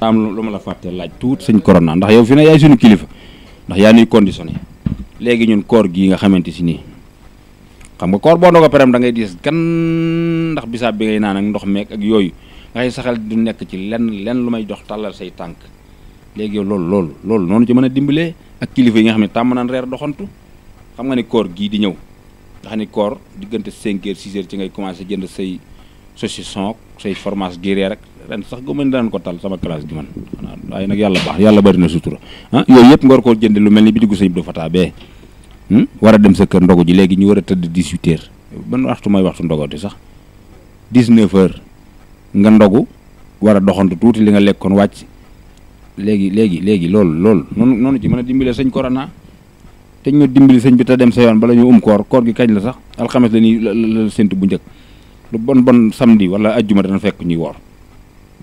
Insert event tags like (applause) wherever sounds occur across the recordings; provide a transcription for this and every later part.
am lu ma la fàtte laaj tuut sëñ corona ndax yow fi na yaay suñu kilifa ndax yaa nuy conditionné léegi ñun koor gii nga xamante si nii xam nga koor boo ndogo perem da ngay diis gan ndax bisaab bi ngay naan ak ndox meeg ak yooyu ngay saxal du nekk ci lenn lenn lu may jox tàllal say tànk léegi yow loolu loolu loolu noonu ci mën a dimbalee ak kilifa yi nga xam ne tàmm naan reer doxantu xam nga ni koor gii di ñëw nga xam ni koor diggante 5 heures ci ngay commencé jënd say saucisson say fromage gruyère rek ren sax gëmën ni daan ko tal sama classe gi man waaye nag yàlla baax yàlla bari na sutura ah yooyu yëpp nga war koo jënd lu mel ni bi diggu sëñ Abdou Fatah hmm? war a dem sa kër ndogu ji léegi ñu war a tëdd 18 heures ban waxtu mooy waxtu ndogooti sax 19 heures nga ndogu war a doxantu tuuti li nga lekkoon wàcc léegi léegi léegi loolu loolu noonu noonu ci mën a dimbile sëñ korona te ñu dimbali sëñ bi te dem sa yoon bala ñu um koor gi kañ la sax alxames la ñuy la la séntu bu njëkk lu bon bon samedi wala ajjuma dana fekk ñuy woor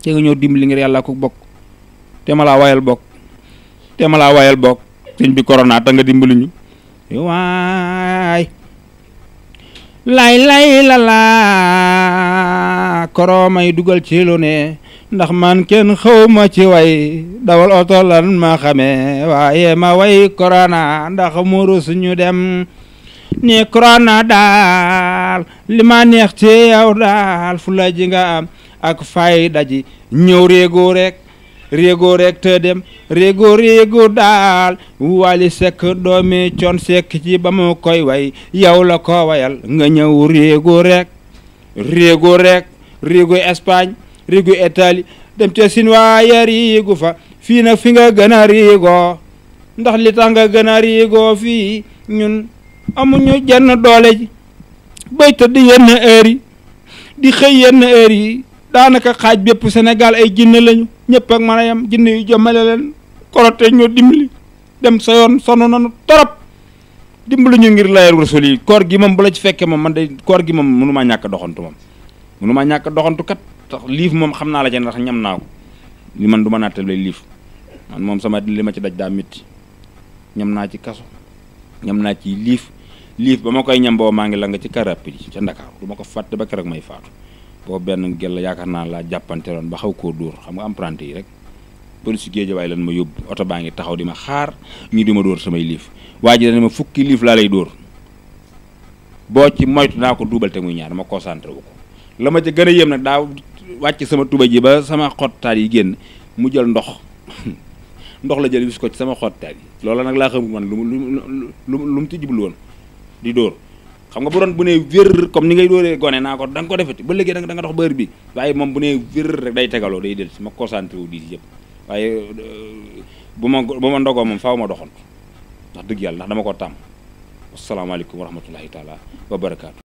te nga ñëw dimbali ngir yàlla ko bokk te ma laa wayal bokk te ma laa wayal bokk sëñ bi corona ta nga dimbali ñu waay lay lay la laa koroomay dugal ci lu ne ndax man kenn xawma ci way dawal oto lan ma xame waaye ma way corona ndax muru suñu dem ni korona daal neex ci yow daal fula ji nga am ak fayda ji ñëw réegoo rek réegoo rek te dem réegoo réegoo daal wali sekk doomi coon sekk ci ba mu koy way yow la ko wayal nga ñëw réegoo rek réegoo rek réegoo Espagne réegoo Italie dem ca sin waaye riigu fa fii nag fi nga gën a riigoo ndax li tax nga gën a riigoo fii ñun amuñu jenn doole ji bay tëdd yenn heure yi di xëy yenn heure yi daanaka xaaj bépp senegal ay jinne lañu ñëpp ak mën a yem jinne yu jëmale leen korote ñoo dimbali dem sa yoon nanu nañu torop dimbali ñu ngir layal rasul yi koor gi moom bu la ci fekkee moom man day koor gi moom mënu ñàkk doxantu moom mënu maa ñàkk doxantukat kat tax liif moom xam naa la ca ndax ñam naa ko li man du ma naatale liif man moom sama li ma ci daj daa métti ñam naa ci kaso ñam naa ci liif liif ba ma koy ñam boo maa ngi la nga ci karap ji ca Ndakaaru du ma ko fàtte ba keroog may faatu boobu benn gel yaakaar naa laa jàppante jàppanteloon ba xaw koo dóor xam nga emprunté yi rek police waaye lan ma yóbbu oto baa ngi taxaw di ma xaar ñu di ma dóor samay liif waa ji dana ma fukki liif laa lay dóor boo ci moytu naa ko duubal te muy ñaar ma concentré wu ko la ma ca gën a yéem nag sama tuba ji ba sama xottaat yi génn mu jël ndox (laughs) ndox la jël bis ko ci sama xottaay gi loola nag laa xamul man lu mu lu mu lu mu ci jublu woon di dóor xam nga bu doon bu nee wér comme ni ngay dóoree gone naa ko da nga ko defeti ba léegi da nga dox bër bi waaye moom bu nee wér rek day tegaloo day del si ma concentré wu di si yëpp waaye euh, bu ma bu ma ndogoo moom faaw ma doxoon ndax dëgg yàlla ndax dama ko tàmm asalaamaaleykum wa rahmatullahi taala wa barakaatu